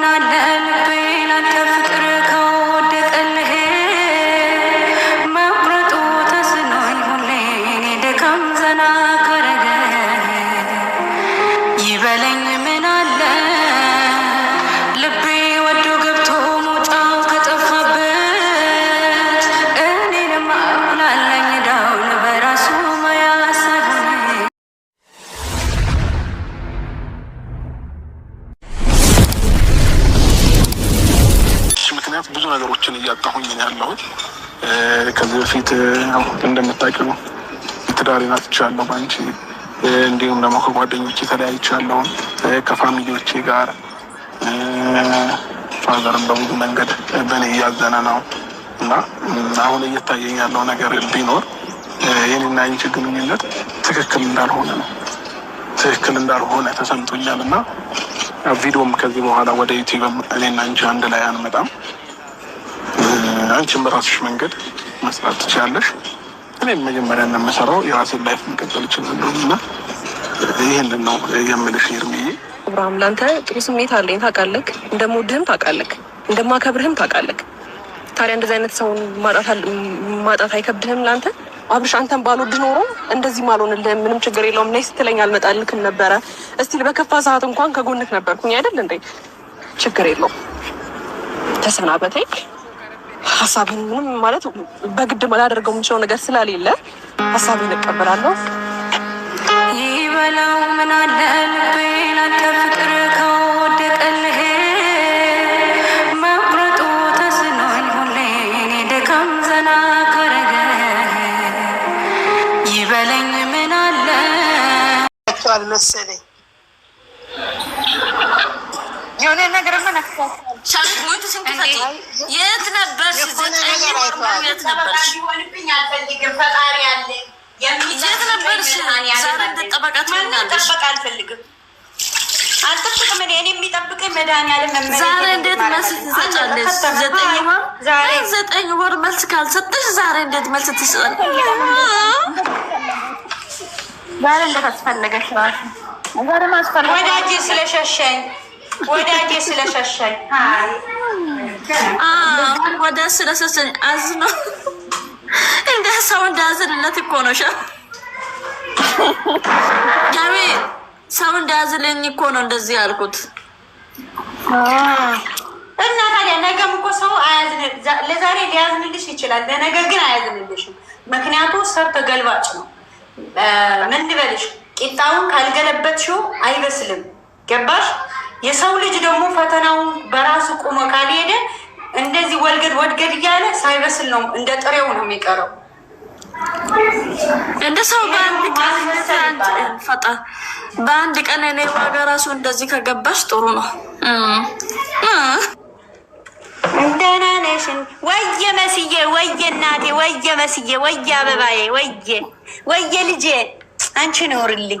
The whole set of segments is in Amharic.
na na ምክንያት ብዙ ነገሮችን እያጣሁኝ ነው ያለሁት። ከዚህ በፊት እንደምታውቂው ትዳሬን አጥቻለሁ በአንቺ እንዲሁም ደግሞ ከጓደኞቼ ተለያይቻለሁ። ከፋሚሊዎቼ ጋር ፋዘርም በብዙ መንገድ በእኔ እያዘነ ነው እና አሁን እየታየኝ ያለው ነገር ቢኖር የኔና አንቺ ግንኙነት ትክክል እንዳልሆነ ነው። ትክክል እንዳልሆነ ተሰምቶኛል እና ቪዲዮም ከዚህ በኋላ ወደ ዩቲዩብም እኔና አንቺ አንድ ላይ አንመጣም። አንቺም በራስሽ መንገድ መስራት ትችላለሽ። እኔም መጀመሪያ እንደምሰራው የራሴን ላይፍ መቀጠል እችላለሁ እና ይህንን ነው የምልሽ እርምዬ። አብርሃም ለአንተ ጥሩ ስሜት አለኝ ታውቃለህ። እንደምወድህም ታውቃለህ፣ እንደማከብርህም ታውቃለህ። ታዲያ እንደዚህ አይነት ሰውን ማጣት አይከብድህም ለአንተ? አብርሽ አንተን ባልወድ ኖሮ እንደዚህ ማልሆንልህ ምንም ችግር የለውም ነይ ስትለኝ አልመጣልክም ነበረ። እስቲል በከፋ ሰዓት እንኳን ከጎንክ ነበርኩኝ አይደል እንዴ? ችግር የለውም ተሰናበተኝ። ሀሳብ ምንም ማለት በግድ ላደርገው የምችለው ነገር ስለሌለ ሀሳብን እቀበላለሁ። ይበለው ምን አለ የሆነ ነገር የት ነበርሽ? ዘጠኝ ወር ሙሉ የት ነበርሽ? የት ነበርሽ? ዛሬ እንድጠበቃት ትሆናለሽ። አልጠብቅም እኔ የሚጠብቀኝ መድኃኒዓለም ዛሬ እንዴት መልስ ትሰጫለሽ? ዘጠኝ ወር መልስ ካልሰጠሽ ዛሬ እንዴት መልስ ትሰጫለሽ? ዛሬ እንደታስፈለገሽ ወዳጅ ስለሸሸኝ ወዳጄ ስለሸሸኝ ወደ ስለሸሸኝ አዝኖ እንደ ሰው እንዳያዝንለት እኮ ነው። ሸ ሰው እንዳያዝልኝ እኮ ነው እንደዚህ ያልኩት። እና ታዲያ ነገም እኮ ሰው አያዝን። ለዛሬ ሊያዝንልሽ ይችላል፣ ለነገ ግን አያዝንልሽም። ምክንያቱ ሰብ ተገልባጭ ነው። ምን ልበልሽ፣ ቂጣውን ካልገለበትሽው አይበስልም። ገባሽ? የሰው ልጅ ደግሞ ፈተናውን በራሱ ቁመ ካልሄደ እንደዚህ ወልገድ ወድገድ እያለ ሳይበስል ነው እንደ ጥሬው ነው የሚቀረው። እንደ ሰው በአንድ ቀን እኔ ዋጋ ራሱ እንደዚህ ከገባሽ ጥሩ ነው። ደህና ነሽ ወየ መስዬ፣ ወየ እናቴ፣ ወየ መስዬ፣ ወየ አበባዬ፣ ወየ ወየ ልጄ አንቺ ኖርልኝ።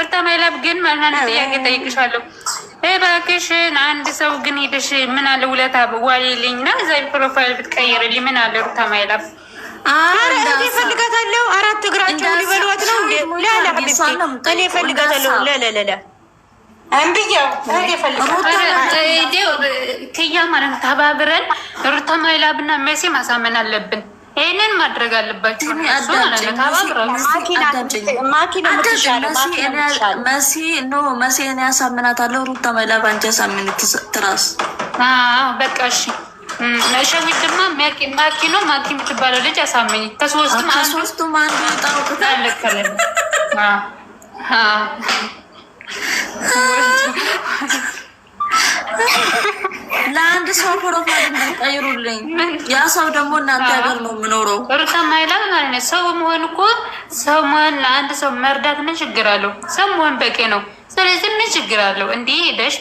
ርታማይላብ ግን ማለት ጥያቄ ጠይቅሻለሁ። እባክሽን አንድ ሰው ግን ሄደሽ ምን አለ ውለታ ዋሌልኝ እና እዛ ፕሮፋይል ብትቀይርልኝ ምን አለ ርታማይላብ እፈልጋታለሁ። አራት እግራቸው ሊበሏት ነው። እኔ እፈልጋታለሁ። ለለለለ ክያ ማለት ነው። ተባብረን ሩታ ማይላብና መሴ ማሳመን አለብን። ይህንን ማድረግ አለባቸው። መሲ ኖ መሲ እኔ ያሳምናታለሁ። ሩታ ማይላብ አንቺ ያሳምን ትራስ በቃ እሺ። ሸዊት ድማ ማኪ ነው ማኪ የምትባለው ልጅ አሳምኝ። ከሶስቱም አንዱ ጣውቅታለከለ ለአንድ ሰው ፕሮፋይል እንዳይቀይሩልኝ። ያ ሰው ደግሞ እናንተ ሀገር ነው የምኖረው። ሩታ ማይላት ማለት ነው። ሰው መሆን እኮ ሰው መሆን ለአንድ ሰው መርዳት ምን ችግር አለው? ሰው መሆን በቂ ነው። ስለዚህ ምን ችግር አለው? እንዲህ ሄደሽ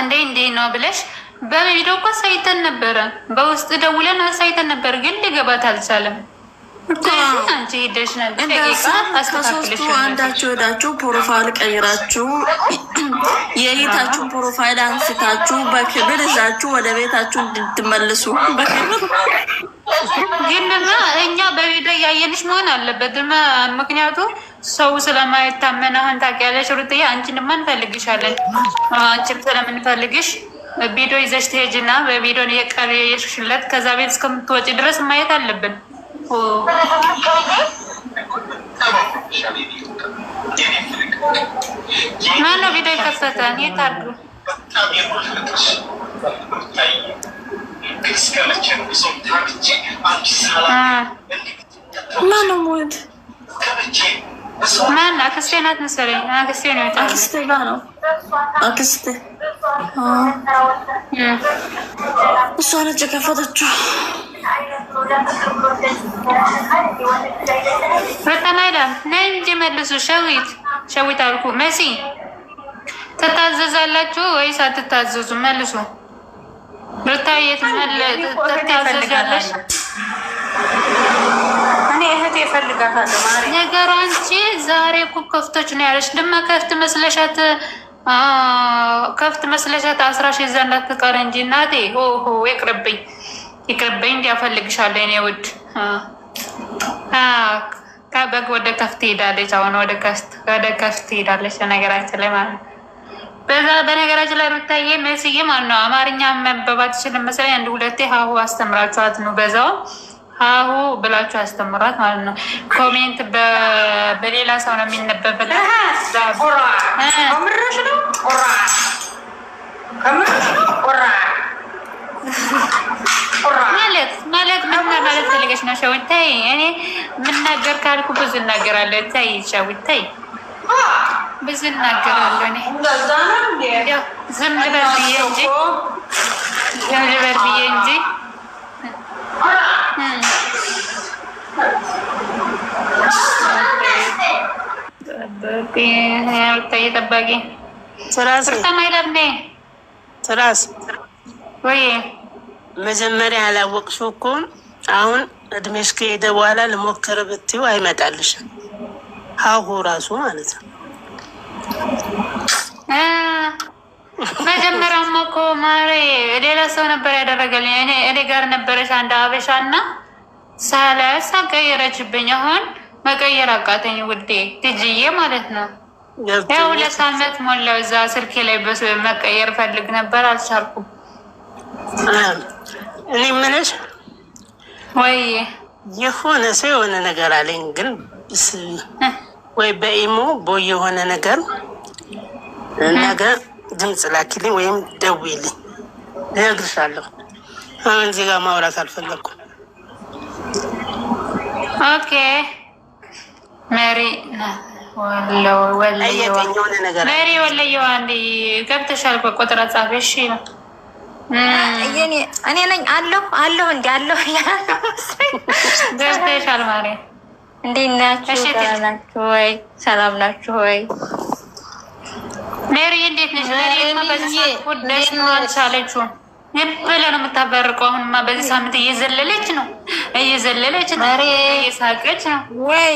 እንዴ እንዴ ነው ብለሽ በቪዲዮ እኮ ሳይተን ነበረ፣ በውስጥ ደውለን ሳይተን ነበር፣ ግን ሊገባት አልቻለም። ከሶስቱ አንዳችሁ ሄዳችሁ ፕሮፋይል ቀይራችሁ የእህታችሁን ፕሮፋይል አንስታችሁ በክብር እዛችሁ ወደ ቤታችሁ እንድትመልሱ በክብር ይህንና እኛ በቪዲዮ እያየንሽ መሆን አለበት። ምክንያቱ ሰው ስለማይታመን አሁን ታውቂያለሽ ሩትዬ፣ አንቺንማ እንፈልግሻለን። አንቺም ስለምንፈልግሽ ቪዲዮ ይዘሽ ትሄጂና በቪዲዮ የቀር ከዛ ቤት እስከምትወጪ ድረስ ማየት አለብን። ማነው ቪዲዮ የከፈተ? የት አሉ? ማነው ሞት? ማን? አክስቴ ናት መሰለኝ። አክስቴ ነው። አክስቴ ጋ ነው። አክስቴ እሷ ነች የከፈተችው። በጣም አይዳም ነይ እንጂ መልሱ። ሸዊት ሸዊት አልኩ። መሲ ትታዘዛላችሁ ወይስ አትታዘዙ? መልሱ። ሩታየት ትታዘዣለሽ? እኔ እህቴ እፈልጋታለሁ። ነገሩ አንቺ ዛሬ እኮ ከፍቶች ነው ያለሽ። ድማ ከፍት መስለሻት ከፍት መስለሻት አስራሽ ይዛ እንዳትቀር እንጂ እናቴ ሆ ይቅርብኝ። ይቅርበኝ እንዲያፈልግሻለ ኔ ውድ ከበግ ወደ ከፍት ሄዳለች። አሁን ወደ ከፍት ወደ ከፍት ሄዳለች። በነገራችን ላይ ማለት ነው። በዛ በነገራችን ላይ ሩታዬ መስዬ ማለት ነው አማርኛ መበባት ይችልም መሰለኝ። አንድ ሁለቴ ሀሁ አስተምራችኋት ነው። በዛው ሀሁ ብላችሁ አስተምሯት ማለት ነው። ኮሜንት በሌላ ሰው ነው የሚነበበት። ከምርሽ ነው ቁራ ማለት ማለት ምን ማለት ነው? እኔ የምናገር ካልኩ ብዙ እናገራለሁ። ተይ ሸዊት ተይ፣ ብዙ እናገራለሁ። እኔ ዝም ልበል ብዬ እንጂ ጠባቂ ትራስ መጀመሪያ ያላወቅሽው እኮ አሁን እድሜሽ ከሄደ በኋላ ልሞክር ብትይው አይመጣልሽም። ሀሁ ራሱ ማለት ነው። መጀመሪያውም እኮ ማሬ ሌላ ሰው ነበር ያደረገልኝ። እኔ እኔ ጋር ነበረች አንድ አበሻ እና ሳላሳ ቀየረችብኝ። አሁን መቀየር አቃተኝ ውዴ፣ ትጅዬ ማለት ነው። ሁለት አመት ሞላው እዛ ስልኬ ላይ መቀየር ፈልግ ነበር አልቻልኩም። እኔ የምልሽ ወይ የሆነ ሰው የሆነ ነገር አለኝ፣ ግን ወይ በኢሞ ቦይ የሆነ ነገር ነገር ድምፅ ላኪልኝ ወይም ደውይልኝ፣ እነግርሻለሁ። አሁን እዚህ ጋር ማውራት አልፈለኩም። ኦኬ መሪ ወለየዋ ገብተሻል። በቆጥራ ጻፈሽ ነው እኔ ነኝ አለሁ አለሁ እንዲ አለሁ ያለሻል ማሪ እንዴት ናችሁ? ወይ ሰላም ናችሁ ወይ? ሜሪ እንዴት ነሽ? አለችው ብለ ነው የምታበርቀው። አሁንማ በዚህ ሳምንት እየዘለለች ነው እየዘለለች ነው እየሳቀች ነው ወይ